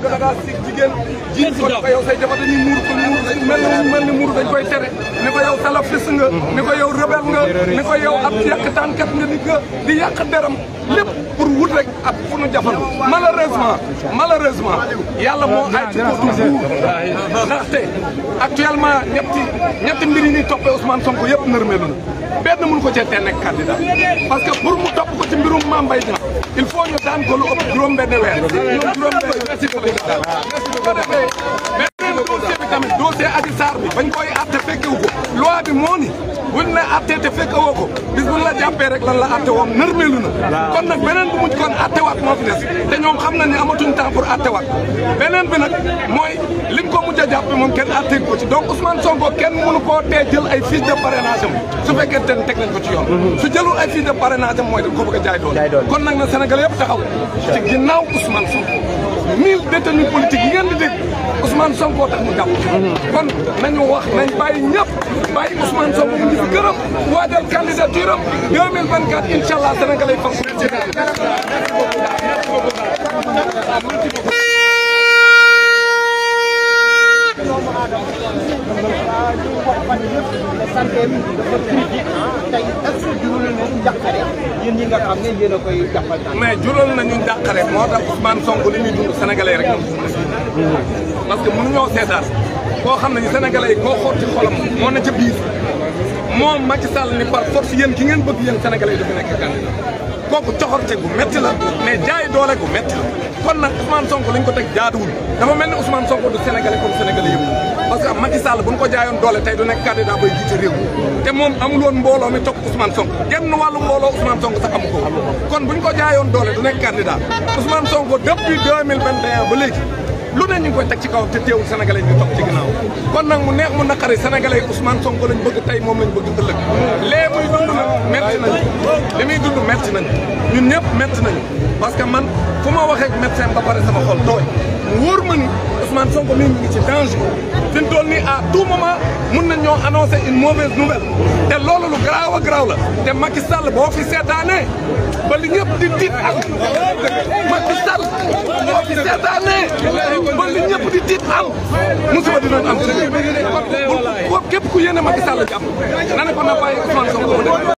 da ngaa si jigéen jiñ ko dafa yow say jabar dañuy muur ko muur mel ni mel ni muur dañ koy tere ni ko yow salafiste nga ni ko yow rebelle nga ni ko yow ab yàq tànkat nga di nga di yàq deram lépp pour wut rek ak fu nu jafal malheureusement malheureusement yàlla moo ay ci kootu buur ndaxte actuellement ñetti ñetti mbir yi ñuy toppee Ousmane Sonko yëpp nërmeelu na benn mënu ko cee tee nekk candidat parce mu ci mbirum Mame Mbaye Niang il faut ñu daan ko lu ëpp juróom-benn weer ñoom juróom-benn merci beaucoup bu ko defee mais dossier bi tamit dossier Adji Sarr bi bañ koy àtte fekkewu ko loi bi moo ni buñ la attee te fekk woo ko bis buñ la jàppee rek lan la atte woon nërmeelu na kon nag beneen bu mujj kon attewaat moo fi des te ñoom xam na ne amatuñ temps pour attewaat beneen bi nag mooy liñ ko mujj a jàppe moom kenn atte ko ci donc Ousmane Sonko kenn mënu koo tee jël ay fiche de parrainage am su fekkee ten teg nañ ko ci yoon mhm. su jëlul ay fiche de parrainage am mooy dañ ko bëgg jaay doole kon nag na Sénégal yëpp taxaw ci ginnaaw Ousmane Sonko mille détenus politiques ngeen di dégg Ousmane Sonko tax mu jàpp. kon nañu wax nañ bàyyi ñëpp bàyyi Ousmane Sonko mu ngi fi gërëm waajal candidature am 2024 incha allah sénégalais fam sant yëpp dafa critique tey est-ce que jural nañu njàqare a koy jàppal daal. mais nañu njàqare moo tax Ousmane Sonko li muy dund sénégalais rek ñoom mm-hmm. parce que koo xam ne sénégalais yi koo xotti xolam moo na ca moom Macky Sall ni par force yéen ki ngeen bëgg yéen sénégalais dafa nekk candidat kooku coxorte gu métti la mais jaay doole gu métti la kon nag Ousmane Sonko lañ ko teg jaaduwul dafa mel ni Ousmane Sonko du sénégalais comme sénégalais yëpp parce que Macky bu ñu ko jaayoon doole tey du nekk candidat bay jiite réew te moom amul mbooloo mi toog Ousmane Sonko genn wàllu mbooloo Ousmane Sonko sax amu ko kon bu ñu ko jaayoon doole du nekk candidat Ousmane Sonko depuis 2021 ba lu ne ñu koy teg ci kaw te teewul sénégalais yi ñu topp ci ginnaaw kon nag mu neex mu naqari sénégalais yi Ousmane Sonko lañ bëgg tey moom lañ bëgg ëllëg lee muy dund nag metti nañu li muy dund metti nañu ñun ñëpp metti nañu parce que man fu ma waxee ak médecin ba pare sama xol tooy wóor ma ni Ousmane Sonko mii ñu ngi ci danger fi mu toll nii à tout moment mun nañ ñoo annoncer une mauvaise nouvelle te loolu garaaw a garaaw la te Macky boo fi seetaanee ba li ñëpp di tiit ak tiit am musiba dinañ am ci réew mi képp ku yéene Macky Sall jàmm na ne ko na bàyyi Ousmane Sonko